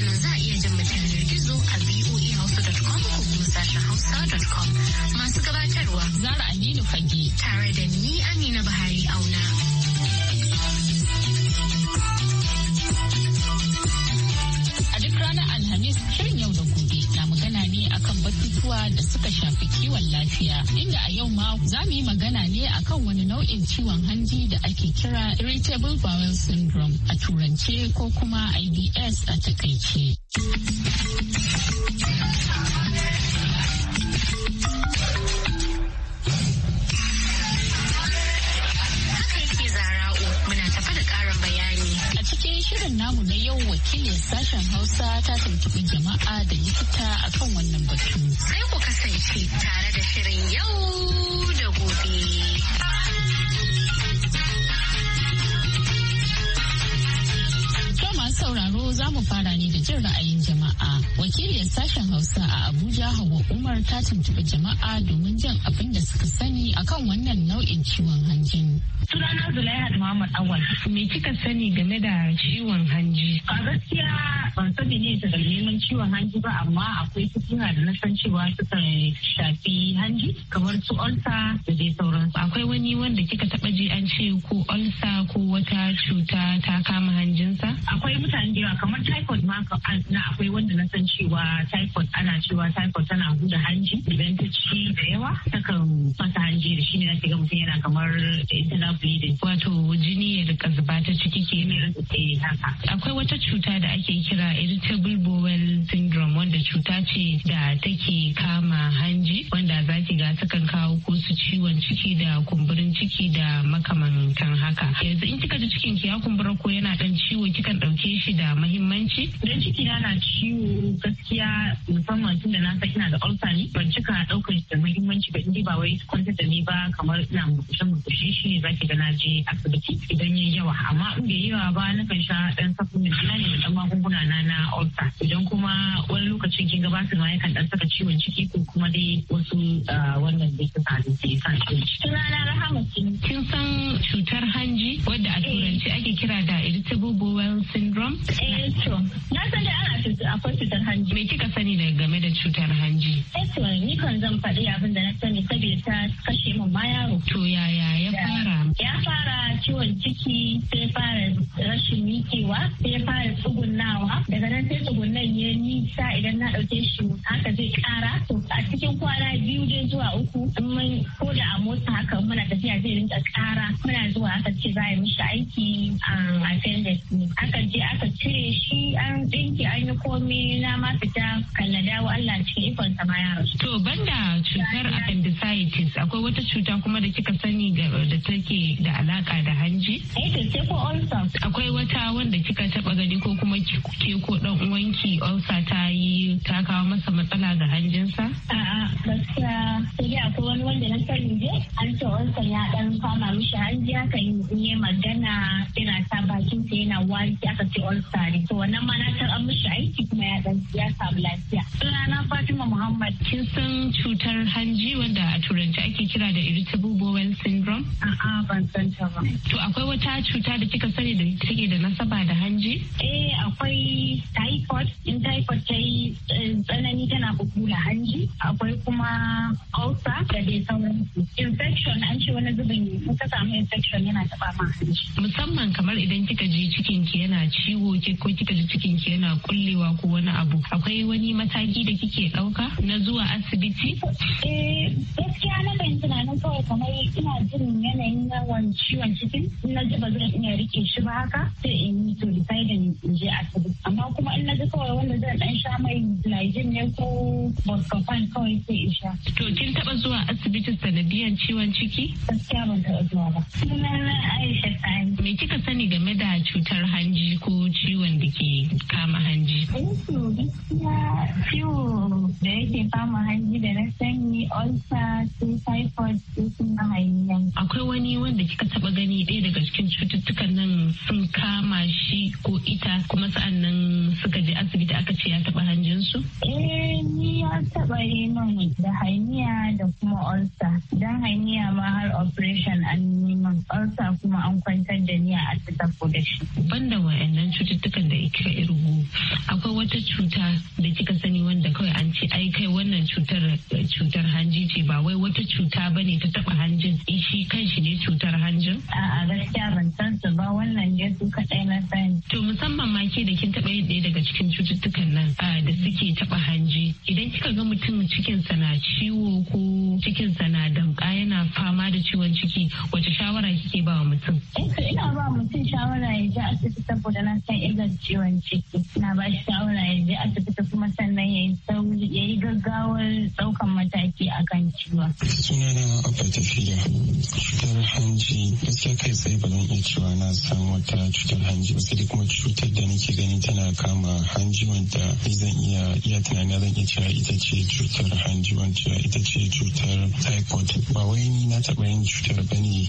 sannan za a iya jin mu yanar gizo a voahausa.com ko kuma sashen hausa.com masu gabatarwa zara aminu fage tare da ni amina bahari auna. kiwon lafiya inda a yau ma za mu yi magana ne akan wani nau'in ciwon hanji da ake kira irritable bowel syndrome a turance ko kuma IBS a takaice. shirin namu na yau wakilin sashen Hausa ta tuntuɓi jama'a da likita akan wannan batu. Sai ku kasance tare da shirin yau da gobe. sauraro za mu fara ne da jin ra'ayin jama'a. Wakiliyar sashen Hausa a Abuja Hauwa Umar ta tuntuɓi jama'a domin jan abin da suka sani akan wannan nau'in ciwon hanjin. Sunana Zulaihat Muhammad Awal. Me kika sani game da ciwon hanji? A gaskiya ban sani ne daga neman ciwon hanji ba amma akwai cututtuka da na san cewa suka shafi hanji kamar su olsa da dai sauransu. Akwai wani wanda kika taɓa ji an ce ko olsa ko wata cuta ta kama hanjinsa? Akwai mutane da yawa kamar typhoid ma na akwai wanda na san cewa typhoid ana cewa typhoid tana gudu hanji idan ta ci da yawa takan fasa hanji da shi ne zaki ga mutum yana kamar internal bleeding wato jini ya rika zuba ta ciki ke ne eh, haka akwai wata cuta da ake kira irritable bowel syndrome wanda cuta ce da take kama hanji wanda zaki ga takan kawo ko su ciwon ciki da kumburin ciki da makamantan haka yanzu in kika ji cikin ki ya kumbura ko yana dan ciwo kikan dauke shi da mahimmanci don ciki na na ciwo gaskiya musamman tun da na san ina da ulsa ne ban cika ɗaukar shi da mahimmanci ba inda ba wai kwantar da ni ba kamar ina murkushe murkushe shi ne zaki ga na je asibiti idan yayi yawa amma in bai yawa ba na kan sha dan supplement na ne da dan magunguna na na ulsa idan kuma wani lokacin kin ga ba su ma yakan dan saka ciwon ciki ko kuma dai wasu ah, wannan da suka da ke sa ciwon ciki. Rahama kin san cutar hanji wadda a turanci ake kira da irritable bowel syndrome Eh to, na san da ana akwai cutar hanji. Me kika sani da game da cutar hanji? Eh to, ni kan zan faɗi abin da na sani saboda ta kashe min ma yaro. To yaya ya fara? Ya fara ciwon ciki sai fara rashin miƙewa sai fara tsugunnawa daga nan sai tsugunnan ya nisa idan na ɗauke shi haka zai ƙara. To a cikin kwana biyu dai zuwa uku in mun ko da a motsa haka muna tafiya zai rinka ƙara muna zuwa aka ce za a yi mishi aiki um, a appendix ne. Aka je aka aka cire shi an dinki an yi komi na ma fita kalla dawo Allah cikin ikon sa ma rasu. To banda cutar appendicitis akwai wata cuta kuma da kika sani da take da alaka da hanji? Eh to sai ko ulcer. Akwai wata wanda kika taba gani ko kuma ke ko dan uwanki ulcer ta yi ta kawo masa matsala ga hanjinsa? A'a gaskiya sai akwai wani wanda na sani je an ce ulcer ya dan fama mishi hanji haka yi magana ina ta bakin sa yana wari aka ce ulcer ne to wannan ma na an mishi aiki kuma ya dan ya samu lafiya sunana Fatima Muhammad kin san cutar hanji wanda a turanci ake kira da irritable bowel syndrome a'a ban san ta ba to akwai wata cuta da kika sani da take da nasaba da hanji eh akwai typhoid in typhoid kai eh, tsanani tana bubula hanji akwai kuma ulcer da dai sauransu infection an ce wani zubin in ka samu infection yana taba ma hanji musamman kamar idan kika je cikin ciwo ke ko kika ji cikin ki yana kullewa ko wani abu akwai wani mataki da kike dauka na zuwa asibiti eh gaskiya na ban tunanin kawai kamar ina jin yanayin yawan ciwon ciki na ji ba zan iya rike shi ba haka sai in yi to decide in je asibiti amma kuma in na ji kawai wanda zan dan sha mai Nigin ne ko Boscofan kawai sai in sha to kin taba zuwa asibiti sanadiyan ciwon ciki gaskiya ban taba zuwa ba sunana Aisha Sani me kika sani game da cutar hanji ko ciwon da ke kama hanji? Eh, gaskiya ciwo da yake kama hanji da na sani ulcer ko typhoid sai kuma hanyar. Akwai wani wanda kika taba gani ɗaya daga cikin cututtukan nan sun kama shi ko ita kuma sa'an nan suka je asibiti aka ce ya taba hanjinsu? Eh ni ya taba yi min da hanya da kuma ulcer. Dan hanya ma har operation an yi min ulcer kuma an kwantar da ni a asibiti ko da shi. Banda wa'yan wa'annan cututtukan da kika irgu akwai wata cuta da kika sani wanda kawai an ce ai kai wannan cutar cutar hanji ce ba wai wata cuta bane ta taba hanjin eh, shi kan ne cutar hanjin a'a gaskiya ban san su ba wannan ne su na sani to musamman ma ke da kin taba yin ɗaya daga cikin cututtukan nan da suke taba hanji idan kika ga mutum cikinsa na ciwo ko cikinsa na damka yana fama da ciwon ciki wace shawara kike ba wa mutum eh, ina ba mutum shawara ya je asibiti saboda masana san irin ciwon ciki na ba shi shawara ya je asibiti kuma sannan ya yi sauri ya yi gaggawar ɗaukan mataki a kan ciwon. sunana abba tafiya cutar hanji gaskiya kai tsaye ba zan iya cewa na san wata cutar hanji ba sai kuma cutar da nake gani tana kama hanji wanda zan iya iya tunani zan iya cewa ita ce cutar hanji wanda ita ce cutar typhoid ba wai ni na taɓa yin cutar ba ne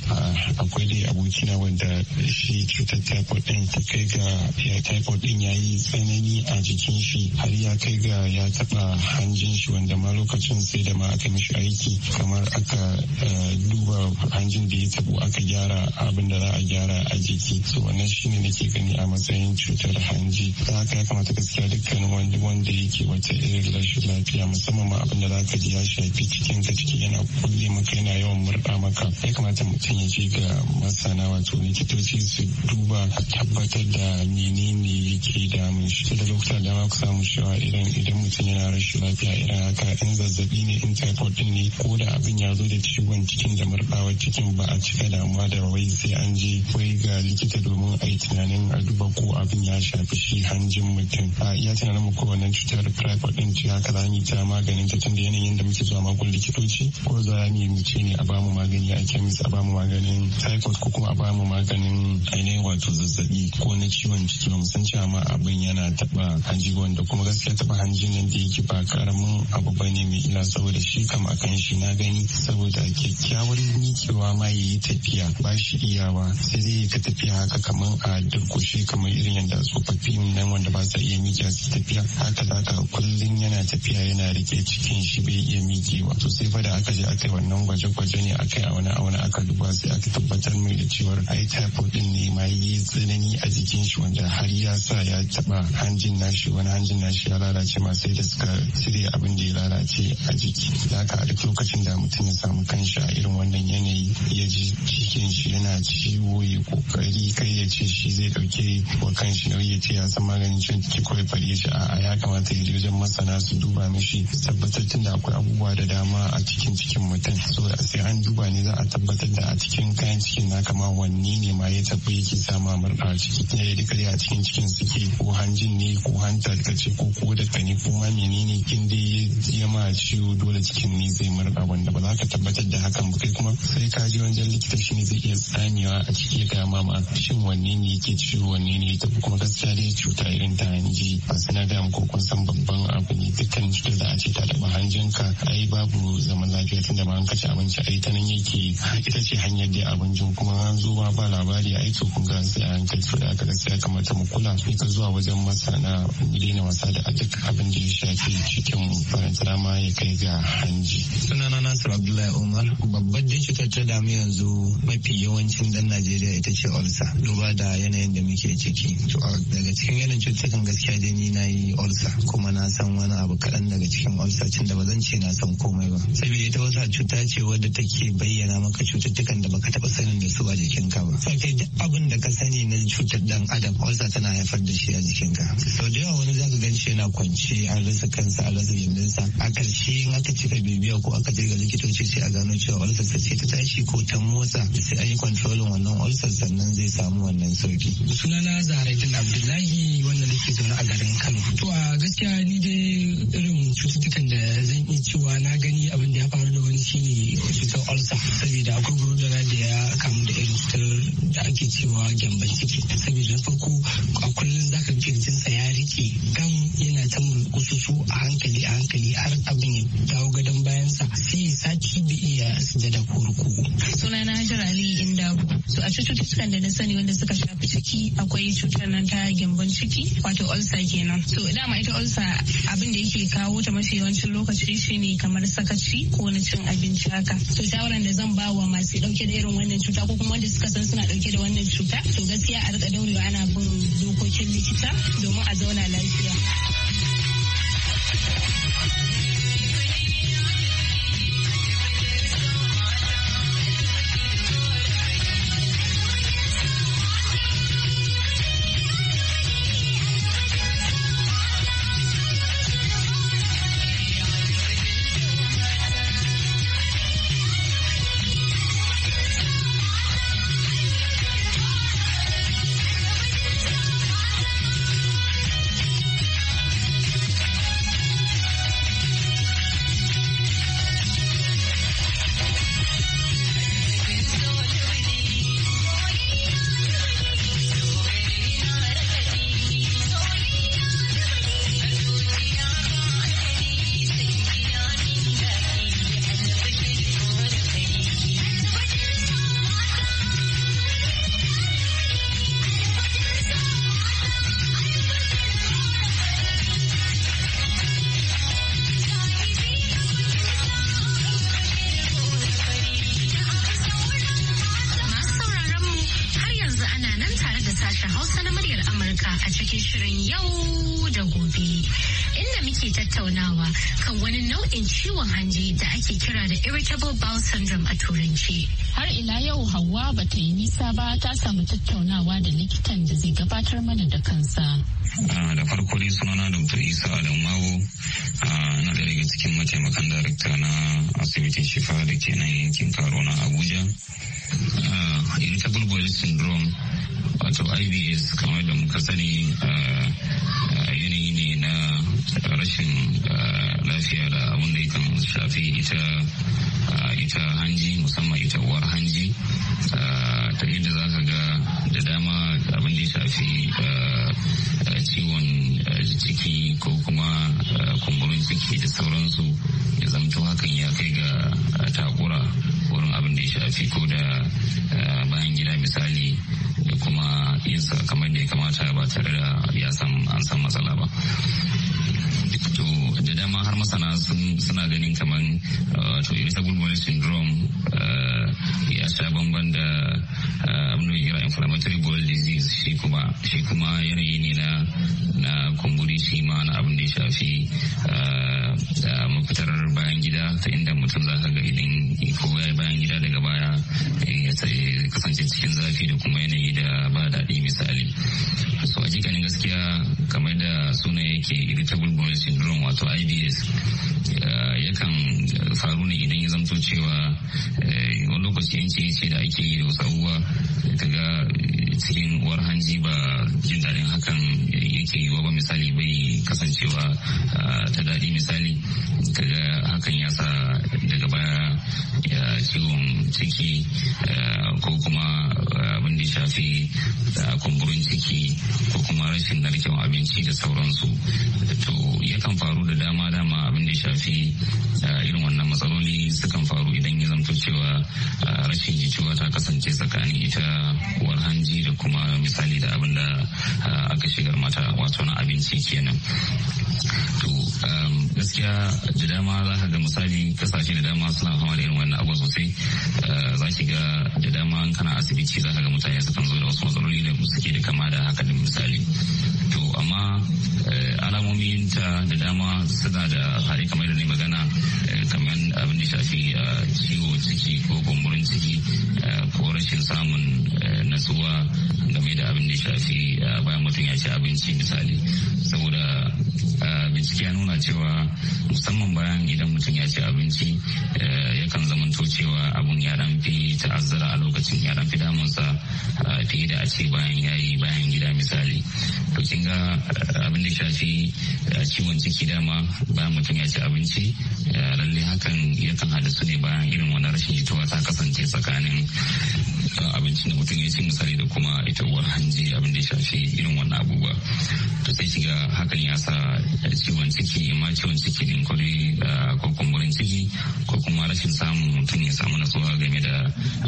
akwai dai abokina wanda shi cutar typhoid ɗin ta kai ga ya taifo din ya yi tsanani a jikin shi har ya kai ga ya taba hanjin shi wanda ma lokacin sai da ma aka mishi aiki kamar aka eh, duba hanjin da ya tabo aka gyara abin da za a gyara a jiki so wannan shine nake gani a matsayin cutar hanji da haka ya kamata gaskiya dukkan wani wanda yake wata irin rashin lafiya musamman ma abin da za ka ji ya shafi cikin ka ciki yana kulle maka yana yawan murɗa maka ya kamata mutum ya je ga masana wato likitoci su duba tabbatar da da menene yake damun shi da lokutan da ku samu shawa idan idan mutum yana rashin lafiya irin haka in zazzabi ne in typhoid din ne ko da abin ya zo da ciwon cikin da murɗawar cikin ba a cika damuwa da wai sai an je wai ga likita domin a yi tunanin a duba ko abin ya shafi shi hanjin mutum a iya tunanin mu kowanne cutar typhoid din ce haka za mu yi ta maganin ta tunda yanayin da muke zuwa makon likitoci ko za mu yi ce ne a bamu magani a kemis a bamu maganin typhoid ko kuma a bamu maganin ainihin wato zazzabi ko na ciwon ciki ba san cewa ma abin yana taba hanji wanda kuma gaskiya taba hanji nan da yake ba karamin abu ba ne mai ila saboda shi kam a kan shi na gani saboda kyakkyawar nikewa ma ya yi tafiya ba shi iyawa sai dai ka tafiya haka kamar a durkushe kamar irin yadda tsofaffi nan wanda ba sa iya mikewa su tafiya haka za ka kullum yana tafiya yana rike cikin shi bai iya mikewa to sai fa da aka je aka yi wannan gwaje-gwaje ne aka yi a wani a wani aka duba sai aka tabbatar mai da cewar ai typhoid ne ma yi tsanani a jikin hanjin wanda har ya sa ya taba hanjin nashi wani hanjin nashi ya lalace ma sai da suka cire abin da ya lalace a jiki da ka a duk lokacin da mutum ya samu kanshi a irin wannan yanayi ya ji cikin shi yana ciwo ya kokari kai ya ce shi zai dauke wa kanshi nauyi ya ce ya san maganin cin ciki kawai fari shi a ya kamata ya je wajen masana su duba mishi tabbatar tun da akwai abubuwa da dama a cikin cikin mutum so sai an duba ne za a tabbatar da a cikin kayan cikin na kama wanne ne ma ya tafi yake sama murɗa ciki ya rikare a cikin cikin suke ko hanjin ne ko hanta ka ce ko ko da ne ko ma menene kin dai ya ma ciwo dole cikin ne zai murɗa wanda ba za ka tabbatar da hakan ba kai kuma sai ka ji wajen likita shi ne zai iya tsamewa a ciki ya gama ma shin wanne ne yake ciwo wanne ne ya kuma gaskiya dai cuta irin ta hanji ba suna da ko kun san babban abu ne dukkan cutar da a ce ta hanjin ka ai babu zaman lafiya tunda ba an kashe abinci ai ta nan yake ita ce hanyar da abincin kuma an zo ba labari ai to kun ga sai an kai da aka ya kamata mu kula ka zuwa wajen masana mu daina wasa da duk abin da ya shafi cikin faransa ma ya kai ga hanji. Sunana Nasir Abdullahi Umar babban da cutar ta damu yanzu mafi yawancin dan Najeriya ita ce olsa duba da yanayin da muke ciki. Daga cikin yanayin cututtukan gaskiya dai ni na yi olsa kuma na san wani abu kaɗan daga cikin olsa cin da ba zan ce na san komai ba. Saboda ita wasa cuta ce wadda take bayyana maka cututtukan da baka taɓa sanin da su a jikinka ba. Sai duk abin da ka sani na cutar dan adam ulcer tana haifar da shi a jikin ka sau da yawa wani zaka gan shi yana kwance a rasa kansa a rasa sa. a ƙarshe in aka cika bibiya ko aka je ga likitoci sai a gano cewa ulcer ta ce ta tashi ko ta motsa sai an yi kontrolin wannan ulcer sannan zai samu wannan sauki. sunana zaharaddin abdullahi wanda nake zaune a garin kano to a gaskiya ni dai irin cututtukan da zan iya cewa na gani abin da ya faru da wani shine cutar ulcer saboda akwai gurbin da ya kamu da irin cutar da ake cewa gyamban ciki farko a kullum za ka jinsa ya rike gam yana ta mulkususu a hankali a hankali har abin ya dawo gadon bayansa sai ya sati da iya sujada ko ruku. sunana hajar ali indabu so a cututtukan da na sani wanda suka shafi ciki akwai cutar nan ta gyambon ciki wato ulcer kenan so dama ita ulcer abin da yake kawo ta mafi yawancin lokaci ne kamar sakaci ko na cin abinci haka so shawaran da zan ba wa masu dauke da irin wannan cuta ko kuma wanda suka san suna dauke da wannan cuta to gaskiya a rika daurewa ana bin dokokin likita domin a zauna lafiya. ake tattaunawa kan wani nau'in ciwon hanji da ake kira da irritable bowel syndrome a turanci. Har ila yau Hauwa ba ta yi nisa ba ta samu tattaunawa da likitan da zai gabatar mana da kansa. Da farko dai sunana Dr. Isa Mawo, na da daga cikin mataimakan darakta na asibitin Shifa da ke nan yankin Karo na Abuja. Irritable bowel syndrome wato IBS kamar da muka sani yanayi rashin eh, lafiya da abin da ya kan shafi ita eh, ita hanji musamman ita uwar hanji eh, ta inda za ka ga da dama abin da ya shafi ciwon ciki ko kuma kumburin ciki da sauransu ya zamto hakan ya kai ga takura wurin abin da ya shafi ko da bayan gida misali da kuma yin sakamako kamata ba tare da ya san an san matsala ba to da dama har masana suna ganin kamar uh, to irritable bowel syndrome uh, ya sha bamban da uh, abin inflammatory bowel disease shi kuma shi kuma yanayi ne na na kumburi shi ma na abin da ya shafi mafitar bayan gida ta inda mutum za ka ga idan ko ya bayan gida daga baya eh, ya kasance cikin zafi da kuma yanayi da ba daɗi misali so a jikanin gaskiya kamar da suna yake irritable bowel syndrome wato ibs eh, yakan faru ne idan ya zamto cewa eh, wani lokaci yanci ce da ake yi da wasu abubuwa ga cikin uwar hanji ba jin daɗin hakan yake yiwa ba misali bai kasancewa ah, ta daɗi misali daga hakan ya sa daga baya ah, ciwon ciki ah, ko kuma abin da shafi kumburin ciki ko kuma rashin narkewan abinci da sauransu to yakan faru da dama dama abin da shafi irin wannan matsaloli sukan faru idan ya zamto cewa rashin jituwa ta kasance tsakanin ita uwar hanji da da kuma misali da abin da ah, aka shigar mata wato na abinci kenan to um, gaskiya da dama za ka ga misali kasashe da dama suna fama da irin wannan abu sosai ah, za ki ga da dama kana asibiti za ka ga mutane kan zo da wasu matsaloli da suke da kama da haka da misali to amma eh, alamomin ta da dama suna da hari kamar da ne magana eh, kamar abin da shafi eh, ciwo ciki ko kumburin ciki ko rashin samun natsuwa game da abin da shafi bayan mutum ya ci abinci misali saboda bincike ya nuna cewa musamman bayan idan mutum ya ci abinci yakan zamanto cewa abun ya ta'azzara a lokacin ya dan fi damunsa fiye da a ce bayan yayi bayan gida misali to kin ga eh, abin da shafi eh, ciwon ciki dama bayan mutum ya ci abinci eh, lalle hakan yakan haddasu ne bayan irin wani rashin jituwa ta kasance tsakanin abinci da mutum ya ci misali da kuma ita uwar hanji abin da ya shafi irin wannan abubuwa to sai shiga hakan ya sa ciwon ciki ma ciwon ciki din kwari ko kumburin ciki ko kuma rashin samun mutum ya samu nasuwa game da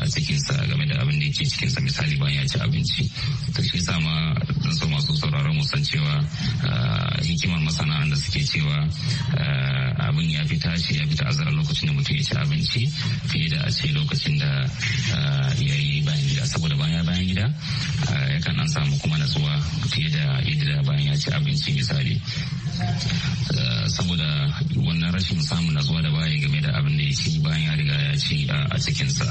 cikinsa game da abin da yake cikinsa misali ne bayan ya ci abinci to shi yasa ma dan so masu sauraron mu san cewa eh, hikimar masana da suke cewa eh, abin ya fi tashi ya fi ta'azzara lokacin da mutum ya ci abinci fiye da a ce lokacin da eh, ya yi bayan gida saboda bayan bayan gida kan an samu kuma natsuwa fiye da yadda bayan ya ci abinci misali saboda wannan rashin samun natsuwa da bayan game da abin da ya ci bayan ya riga ya ci a cikinsa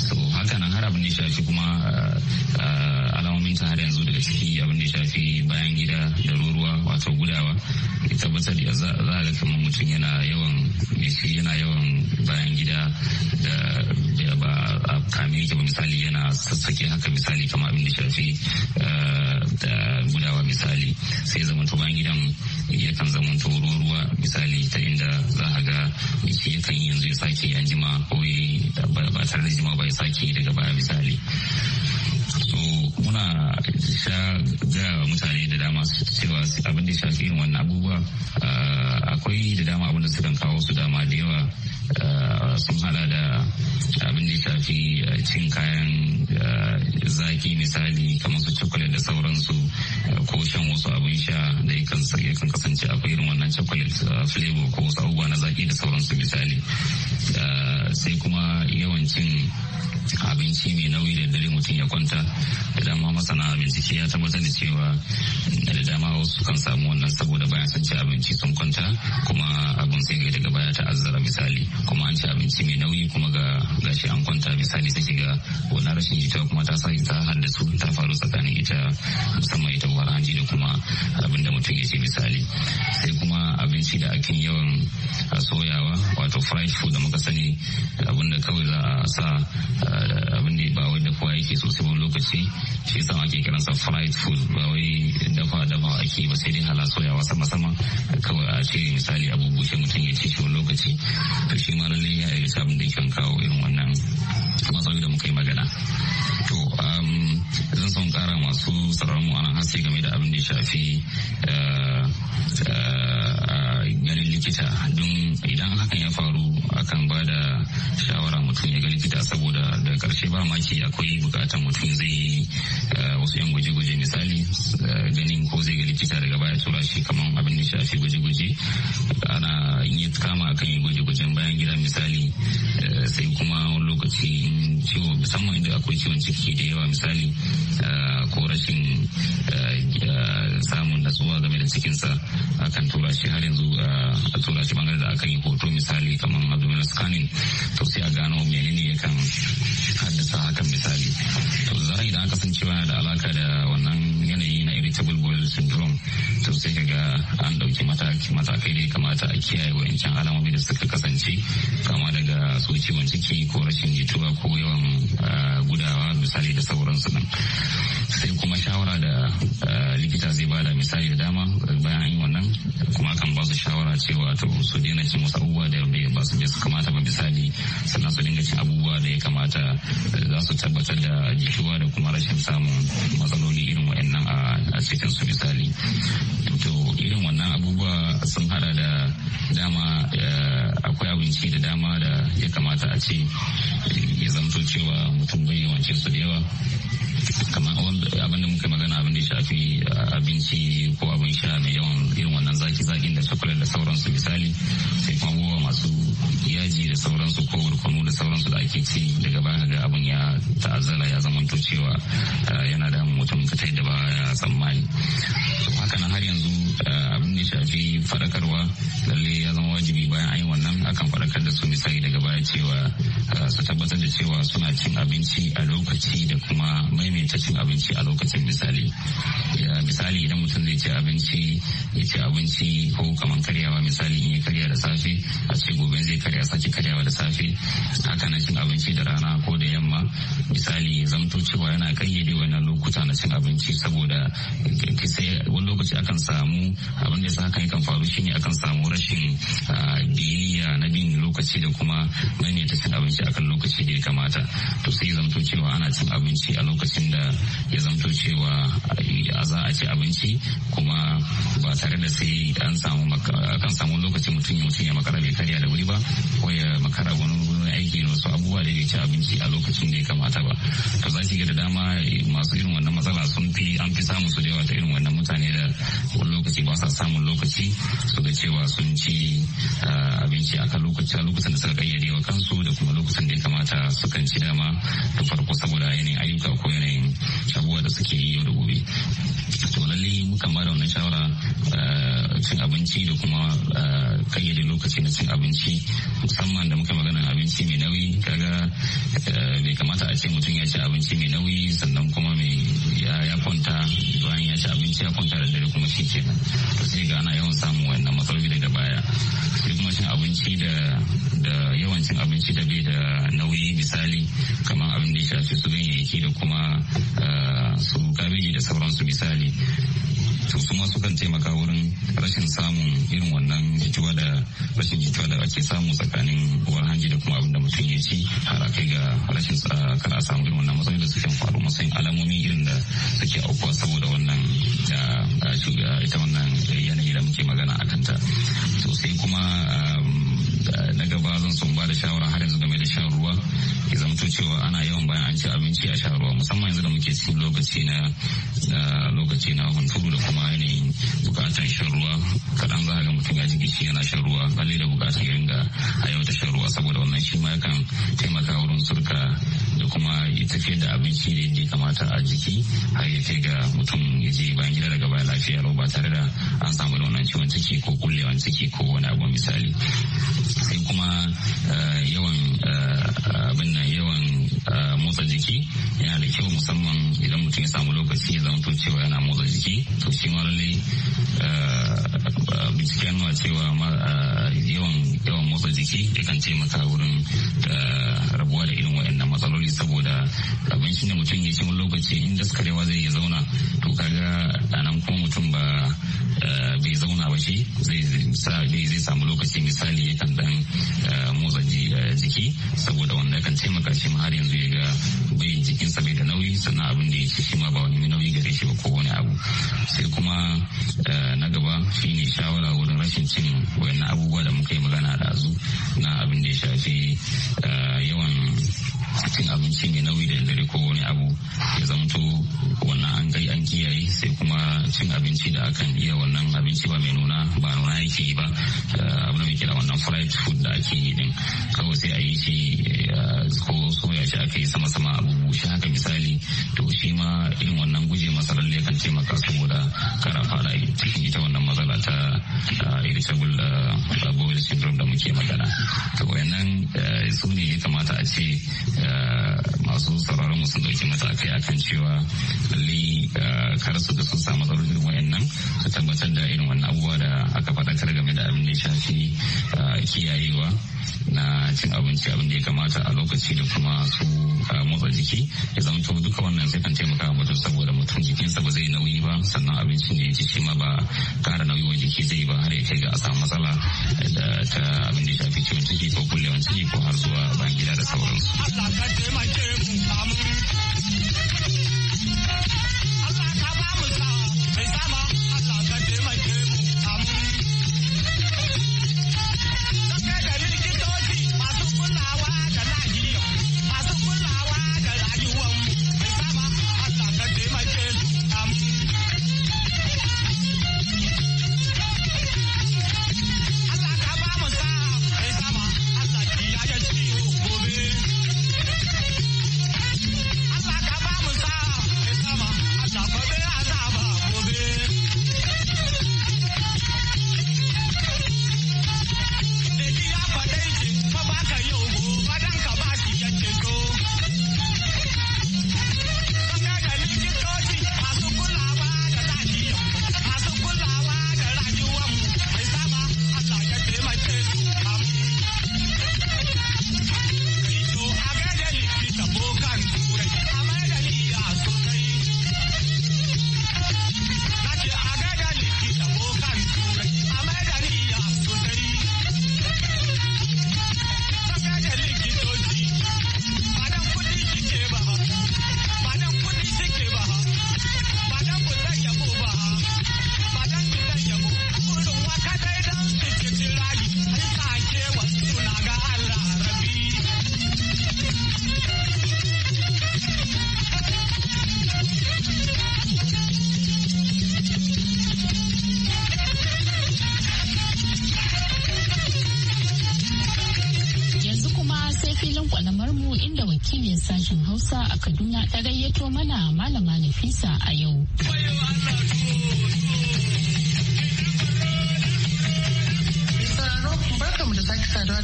so haka nan har abin da ya shafi kuma alamomin ta har yanzu daga ciki abin da ya shafi bayan gida da ruruwa wato gudawa ya tabbatar da za a ga kamar mutum yana yawan shi yana yawan bayan gida da ba a kame yake ba misali yana sassake haka misali kamar abin da ya shafi da gudawa misali sai zama to bayan gidan yakan zama ruwa misali ta inda za a ga yakan yi yanzu ya sake an jima ko ba tare da jima ba ya sake daga baya misali so muna sha ga mutane da dama cewa abin da ya shafi irin wannan abubuwa ah, akwai da dama abin da sukan kawo su dama da yawa ah, sun hada da abin da ya shafi ah, cin kayan zaki misali kamar su cokulet da sauransu ko shan wasu abin sha da yakan kasance akwai irin wannan chocolate uh, flavor ko wasu abubuwa na zaki da sauransu misali uh, sai kuma yawancin abinci mai nauyi da dare mutum ya kwanta da dama masana bincike ya tabbatar da cewa da dama wasu kan samu wannan saboda bayan sun ci abinci sun kwanta kuma abin sai ga daga baya ta ta'azzara misali kuma an ci abinci mai nauyi kuma ga gashi an kwanta misali sai ga wannan rashin jita kuma ta sa ta haddasu ta faru tsakanin ita musamman ita uwar hanji da kuma abin da mutum ya ce misali sai kuma abinci da ake yawan soyawa wato fried food da muka sani abin da kawai za a sa abin da ba wai dafuwa yake sosai wani lokaci shi yasa ake kiransa fried food ba wai dafa dafa ake ba sai dai hala soyawa sama sama kawai a ce misali abu bushe mutum ya ci shi wani lokaci to shi ma lallai ya yi sabon da yake kawo irin wannan matsaloli da muka yi magana to um, zan son kara masu tsaron mu anan haske game da abin da ya shafi eh, eh, eh, ganin likita don idan hakan ya faru akan ba da shawara mutum ya ga likita saboda da karshe ba maki akwai bukatar mutum zai wasu yan guje guje misali ganin ko zai ga likita daga baya tura shi kamar abin da shafi guje guje ana yi kama akan yi guje gujen bayan gida misali sai kuma wani lokaci ciwo musamman inda akwai ciwon ciki su da yawa misali eh, ko rashin eh, eh, samun natsuwa game da cikinsa akan tura shi har yanzu a tura shi bangare da aka yi hoto misali kamar abdominal scanning to sai a gano menene ya kan haddasa hakan misali to zara idan aka san cewa da alaka da irritable bowel syndrome to sai kaga an dauki matakai da ya kamata a kiyaye wa'ancan alamomi da suka kasance kama daga su ciwon ciki ko rashin jituwa ko yawan ah, gudawa misali da sauransu nan sai kuma shawara da ah, likita zai bada misali da dama bayan an yi wannan kuma kan ba su shawara cewa to su daina cin wasu abubuwa da ba su su kamata ba misali sannan su dinga cin abubuwa da ya kamata eh, za su tabbatar da jituwa da kuma rashin samun matsaloli irin wa'annan a a cikin su misali to irin wannan abubuwa sun hada da dama eh, akwai abinci da dama da ya kamata a ce ya zamto cewa mutum bai wancan su da yawa kamar abin da muka magana abin da ya shafi eh, abinci ko abin sha mai yawan irin wannan zaki zaki da chocolate da sauransu misali sai kuma masu yaji da sauransu ko rukunu da sauransu da ake ci daga baya ga abin ya ta'azzala ya zamanto cewa eh, yana damun mutum ta da ba ya tsammani to haka nan har yanzu Eh, abin da shafi faɗakarwa lalle ya zama wajibi bayan an yi wannan akan faɗakar da su misali daga baya cewa eh, su tabbatar da cewa suna cin abinci a lokaci da kuma maimaita cin abinci a lokacin misali misali idan mutum zai ci abinci ya ci abinci ko kamar karyawa misali in ya karya da safe a ce gobe zai karya sake karyawa da safe haka na cin abinci da rana ko da yamma misali ya zamto cewa yana kayyade wannan lokuta na cin abinci saboda eh, sai wani lokaci akan samu abin da sa hakan yakan faru shine akan samu rashin ah, biyayya na bin lokaci da kuma ta cin abinci akan lokaci da ya kamata to sai zamto cewa ana cin abinci a lokacin da ya zamto cewa ah, za a ci abinci kuma ba tare da sai an samu akan samu lokaci mutum ya mutum ya makara bai karya da wuri ba ko ya makara wani wurin aiki da wasu abubuwa da ya ci abinci a lokacin da ya kamata ba to za ki ga da dama masu irin wannan matsala sun fi an fi samu su da yawa ta irin wannan mutane da wani lokaci lokaci ba sa samun lokaci su ga cewa sun ci ah, abinci akan lokacin lokacin da suka kayyade wa kansu da kuma lokacin da ya kamata kan ci dama da farko saboda yanayin ayyuka ko yanayin abubuwa da suke yi yau da gobe to lalle mukan ba da wannan shawara ah, cin abinci da kuma ah, kayyade lokaci na cin abinci musamman da muka magana abinci mai nauyi kaga bai kamata a ce mutum ya ci abinci mai nauyi sannan kuma mai ya kwanta bayan ya ci abinci ya kwanta da dare kuma shi kenan to sai ga ana yawan samun wannan matsaloli daga baya sai kuma cin abinci da da yawan abinci da bai da nauyi misali kamar abin da ya shafi su ganyayyaki da kuma eh, su kabeji da sauransu misali to su ma sukan taimaka wurin rashin samun irin wannan jituwa da rashin jituwa da ake samu tsakanin uwar hanji da kuma abinda mutum ya ci har a kai ga rashin kana samu irin wannan matsalolin da suke faru matsayin alamomi irin da suke aukuwa saboda wannan da ita wannan yanayi da muke magana a kanta to sai kuma um, na gaba zan su ba da shawara har yanzu game da shan ruwa ya zamto cewa ana yawan bayan an ci abinci a sha ruwa musamman yanzu da muke cikin lokaci na lokaci na hunturu da kuma yanayin bukatan shan ruwa kaɗan za ga mutum ya ji gishi yana shan ruwa kalli da bukatan ya ringa a yau ta shan ruwa saboda wannan shi ma yakan taimaka wurin surka da kuma ya tafiyar da abinci da yadda ya kamata a jiki har ya kai ga mutum ya je bayan gida daga baya lafiya lau ba tare da an samu da wannan ciwon ciki ko kullewan ciki ko wani abu misali sai kuma eh, yawan eh, abin nan yawan eh, motsa jiki yana da kyau musamman idan mutum ya samu lokaci ya zama cewa yana motsa jiki to shi ma lallai bincike nuna cewa yawan motsa jiki yakan taimaka wurin rabuwa da irin matsaloli saboda abinci da mutum ya ci wani lokaci in daskarewa zai ya zauna to kaga a nan kuma mutum ba eh, bai zauna ba shi zai samu lokaci misali ya kan dan eh, motsa eh, jiki saboda wanda kan taimaka shi ma har yanzu ya ga bai jikinsa bai da nauyi sannan abin da ya ci shi ma ba wani nauyi gare shi ba ko wani abu sai kuma na gaba shi ne shawara wurin rashin cin wayannan abubuwa da muka yi magana da azu na abin da ya shafi yawan cin abinci ne nauyi da dare ko wani abu ya zamto wannan an gai an kiyaye sai kuma cin abinci da akan iya wannan abinci ba mai nuna ba nuna yake yi ba eh, abu da kira wannan fried food da ake yi din kawai sai a yi shi eh, ko soya shi aka yi sama sama abu bushe haka misali to shi ma irin wannan guje masarar lalle kan taimaka saboda kara fara cikin ita wannan matsala ta eh, irritable bowel syndrome da muke magana to wayannan su ne ya kamata a ce da masu sauraron mu mata dauki a akan cewa li eh, kar su da sun samu wayannan a tabbatar da irin wannan abubuwa da aka faɗakar game da abin da ya shafi eh, kiyayewa na cin abinci abin da ya kamata a lokaci da kuma su eh, motsa jiki ya zama duka wannan sai kan taimaka wa mutum saboda mutum jikinsa ba zai nauyi ba sannan abincin da ya ci shi ma ba kara nauyi wa jiki zai ba har ya kai ga a samu matsala da ta abin da ya shafi ciwon ciki ko kullewan ciki ko har zuwa bayan gida da sauransu. ka taimake mu amin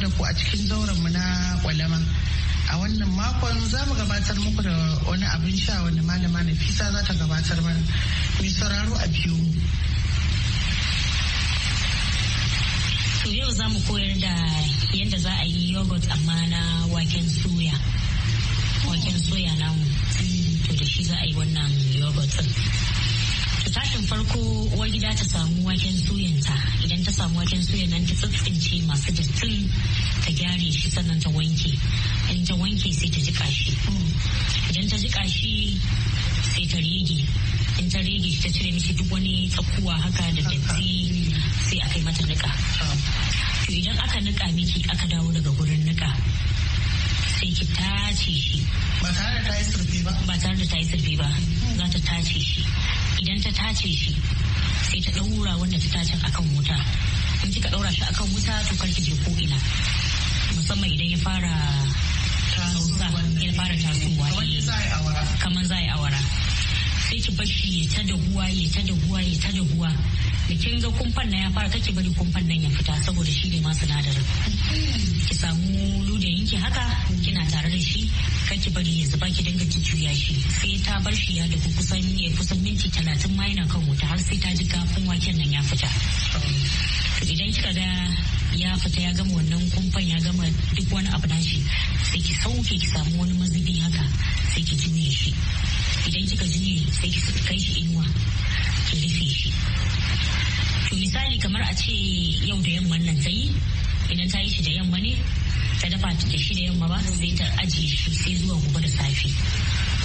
da ku a cikin zauren mu na kwalama. A wannan makon za mu gabatar muku da wani abin sha wanda malama na fisa za ta gabatar mana. Mai sauraro a biyu. To yau za mu koyar da yadda za a yi yogurt amma na waken soya. Waken soya namu. To da shi za a yi wannan yogurt tashin farko uwar gida ta samu waken suyanta idan ta samu waken suyan nan ta tsintsince masu dattin ta gyare shi sannan ta wanke in ta wanke sai ta jika shi idan ta jika shi sai ta rege in ta rege shi ta cire mishi duk wani tsakuwa haka da datti sai a kai mata nika to idan aka nika miki aka dawo daga gurin nika sai ki tace shi ba tare da ta yi surfi ba ba tare da ta yi surfi ba za ta tace shi idan ta tace shi sai ta ɗaura wanda ta tace akan wuta in kika ɗaura shi akan wuta to karki je ko musamman idan ya fara tasa ya fara tasowa kamar za a yi awara sai ki bashi ya ta dahuwa ya ta dahuwa ya ta dahuwa da kin ga kumfan nan ya fara ki bari kumfan nan ya fita saboda shi ne ma sinadarin ki samu ludayin yanki haka kina tare da shi ki bari ya zuba ki dinga juya shi sai ta bar shi ya dahu kusan ya kusan minti talatin ma yana kan wuta har sai ta ji gafin waken nan ya fita idan kika ga ya fita ya gama wannan kumfan ya gama duk wani abu nashi sai ki sauke ki samu wani mazubi haka sai ki juye shi idan kika juye sai ki kai shi inuwa ki rufe shi to misali kamar a ce yau da yamman nan ta yi idan ta yi shi da yamma ne ta dafa da shi da yamma ba sai ta ajiye shi sai zuwa gobe da safe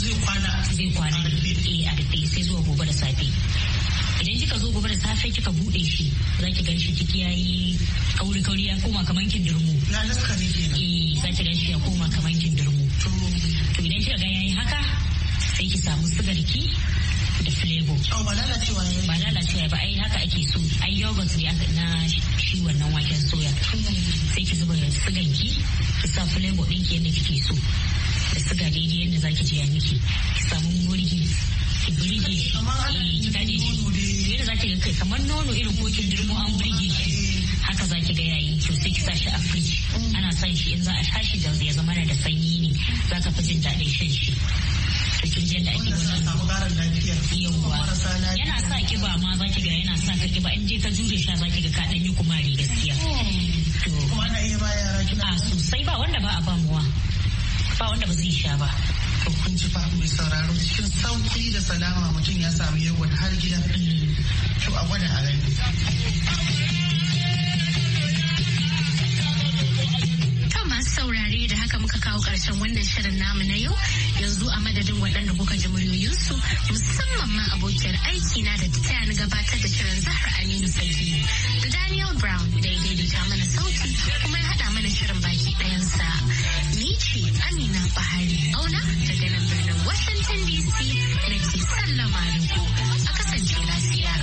zai kwana zai kwana a rufe eh, sai zuwa gobe da safe idan kika zo gobe da safe kika bude shi za ki gan shi ciki yayi kauri kauri ya koma kaman kin durmu na laska kenan eh za ki gan shi ya koma kaman kin durmu aiki samu sugar ki da flavor. Oh, ba lalacewa ne. Ba lalacewa ba ai haka ake so. Ai yogurt ne aka na shi wannan waken soya. Sai ki zuba sugan ki, ki sa flavor ɗin ki yadda kike so. Da siga daidai yadda zaki je ya miki. Ki samu murgi. Ki burge. Eh, ki daɗe shi. Yadda zaki ga kai kamar nono irin kokin dirmo an burge shi. Haka zaki ga yayi to sai ki sa shi a fridge. Ana son shi in za a tashi da ya zama da sanyi ne. Za ka fi jin daɗin shan shi. cikin yadda ake yawwa yana sa kiba ma za ki ga yana sa ka kiba in je ka jure sha za ki ga ka yi kumari gaskiya kuma ana iya ba yara kina a sosai ba wanda ba a ba muwa ba wanda ba zai sha ba to kun ji fa mai sauraro cikin sauki da salama mutum ya samu yawan har gida mm. to a gwada a gani Saurari saurare da haka muka kawo ƙarshen wannan shirin namu na yau yanzu a madadin waɗanda kuka ji muryoyinsu musamman ma abokiyar aiki na da ta ni gabatar da shirin Zahra Aminu sarki da Daniel Brown da ya daidaita mana sauti kuma ya haɗa mana shirin baki ɗayansa. Ni ce Amina Bahari Auna daga nan birnin Washington DC na ke sallama da ku a kasance lafiya.